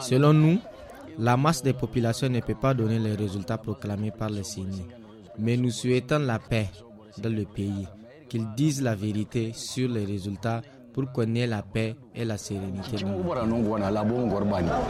Selon nous, la masse des populations ne peut pas donner les résultats proclamés par les signes. Mais nous souhaitons la paix dans le pays, qu'ils disent la vérité sur les résultats pour qu'on ait la paix et la sérénité.